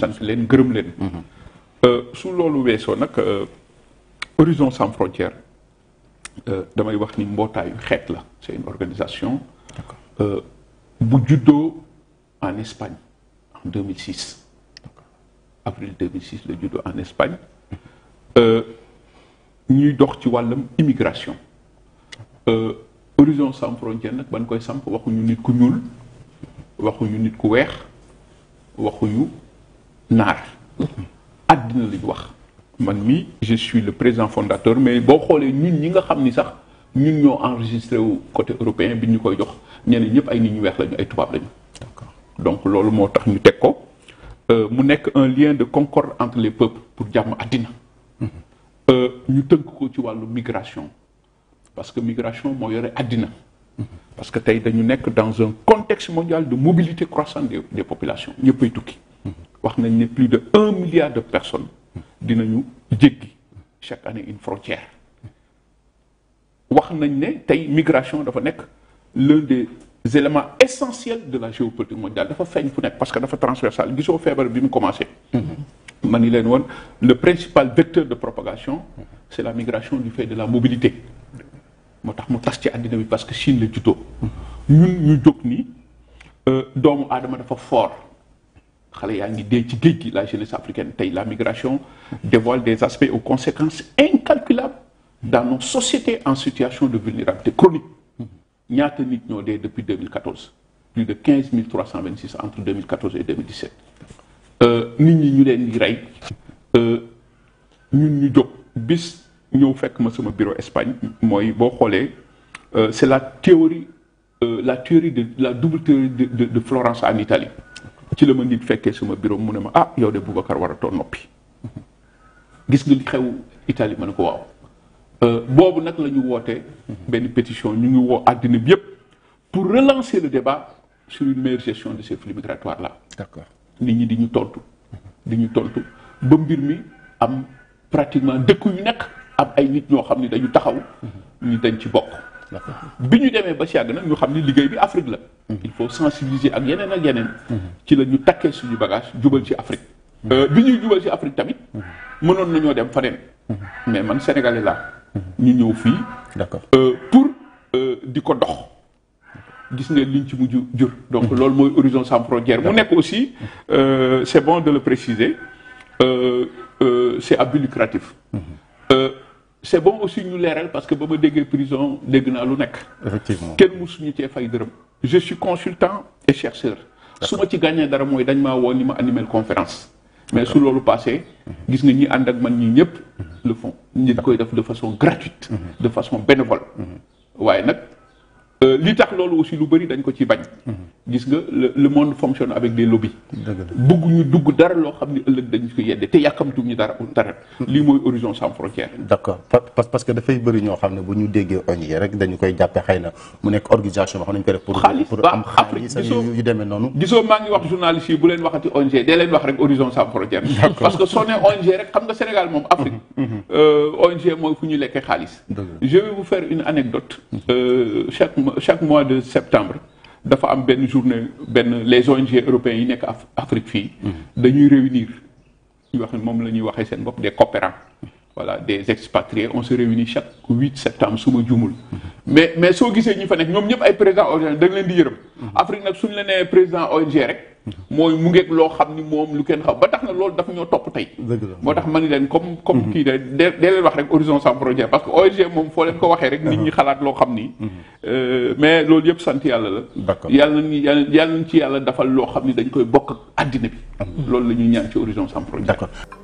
sant leen gërëm leen mhm. euh, su loolu weesoo nag euh, Horizon Sans Frontières euh, damay wax ni mbootaayu xeet la c'est une organisation bu juddoo en Espagne en 2006 avril 2006 la juddoo en Espagne ñuy dox ci wàllam immigration Horizon Sans Frontières nag ban koy samp waxuñu nit ku ñuul waxuñu nit ku weex waxuyu naar àddina lañu wax man mi je suis le président fondateur mais boo xoolee ñun ñi nga xam ni sax ñun ñoo enregistré wu côté européen bi ñu koy jox ñeneen ñëpp ay nit ñu weex lañu ay tubaab lañu donc loolu moo tax ñu teg ko euh, mu nekk un lien de concorde entre les peuples pour jàmm àddina mm-hmm. euh, ñu tënk ko ci wàllu migration parce que migration moo yore àddina mm-hmm. parce que tey dañu nekk dans un contexte mondial de mobilité croissante des, des populations ñëppay tukki wax nañ ne plus de un milliard de personnes ñu jéggi chaque année une frontière wax nañ ne tey migration dafa nekk l'un des éléments essentiels de la géopolitique mondiale dafa feeñ fu nekk parce que dafa transversal gisoo feebar bi mu commencé ma ni leen woon le principal vecteur de propagation c'est la migration du fait de la mobilité moo tax mu tas ci àddina bi parce que Chine la juddoo Euh, doomu aadama dafa fort xale yaa ngi dee ci géej gi la jeunesse africaine tey la migration dévoile des aspects aux conséquences incalculables dans nos société en situation de vulnérabilité chronique ñaata nit ñoo dee depuis 2014 plus de 15 326 entre 2014 et 2017 euh, nit ñi ñu leen di rey euh, ñun ñu jóg bis ñëw fekk ma sama bureau Espagne mooy boo xoolee c'est la théorie Euh, la théorie de la double théorie de de, de Florence en Italie ci la ma nit fekkee sama bureau mu ne ma ah yow de Boubacar war a toog noppi gis nga xew Italie ma ne ko waaw. Euh, boobu nag la ñu wootee benn pétition ñu ngi woo àddina bi yëpp pour relancer le débat sur une meilleure gestion de ces flux migratoires là. d'accord nit ñi di ñu tontu. di ñu tontu ba mbir mi am pratiquement dëkk yu nekk am ay nit ñoo xam ne dañu taxaw. ñu dañ ci bokk. bi ñu demee ba si yàgg nag ñu xam ne liggéey bi Afrique la. il faut sensibiliser ak yeneen ak yeneen. ci la ñu takkee suñu bagage jubal ci Afrique. Euh, bi ñuy jubal ci Afrique tamit. mënoon nañoo dem faneen. mais man Sénégalais laa. ñu ñëw fii. d'accord euh, pour euh, di ko dox. gis ngeen liñ ci mujj jur. donc mm-hmm. loolu mooy horizon sans frontière mu nekk aussi c'est bon de le préciser c'est à lucratif. Mm-hmm. c'est bon aussi ñu leeral parce que ba ma déggee prison dégg naa lu nekk. effectivement kenn mësuñu cee fay dërëm. je suis consultant et chercheur. su ma ci gagné dara mooy dañ maa woo ni ma animé conférence. mais su loolu passé gis nga ñi ànd ak man ñi ñëpp. Mhm. le font ñi koy def de façon gratuite. Mhm. de façon bénévole. Mhm. waaye nag euh, li tax loolu aussi lu bëri dañ ko ci bañ. gis nga le monde fonctionne avec des lobbies. bëgg ñu dugg dara loo xam ne ëllëg dañu ko yedde te yàkkamtuñu dara dara. Hmm. lii mooy horizon sans frontière. d' parce que dafay bëri ñoo xam ne bu ñu déggee ONG rek dañu koy jàppe xëy na mu nekk organisation boo xam pour pour am xaalis yu demee noonu. gisoo maa ngi wax journaliste yi bu leen waxati ONG dee leen wax rek horizon sans frontière. parce que soo ONG rek xam nga Sénégal moom Afrique. Hmm, hmm, euh, ONG ñu lekkee xaalis. je vais vous faire une anecdote. Euh, chaque mois de septembre. dafa am benn journée benn les ONG européens yi nekk Afrique fii mm-hmm. dañuy réunir ñu wax moom la ñuy waxee seen bopp de coopérants voilà des expatriés on se réunit chaque huit septembre su ma jumul mm-hmm. mais mais soo gisee ñi fa nekk ñoom ñëpp ay président ONG da nga leen di yërëm mm-hmm. Afrique nag suñ la nee président ONG rek mooy mu ngeeg loo xam ni moom lu kenn xaw ba tax na loolu dafa ñoo topp tey moo tax ma ni leen comme comme mhm. kii de dee leen wax rek horizon sans projet parce que ONG moom foo leen ko waxee rek nit ñi mhm. xalaat loo xam ni mhm. euh, mais loolu yëpp sant yàlla la yàlla nañu yàlla nañ ci yàlla defal loo xam ni dañ koy bokk ak àddina bi lool la ñuy ñaan ci horizon sans projet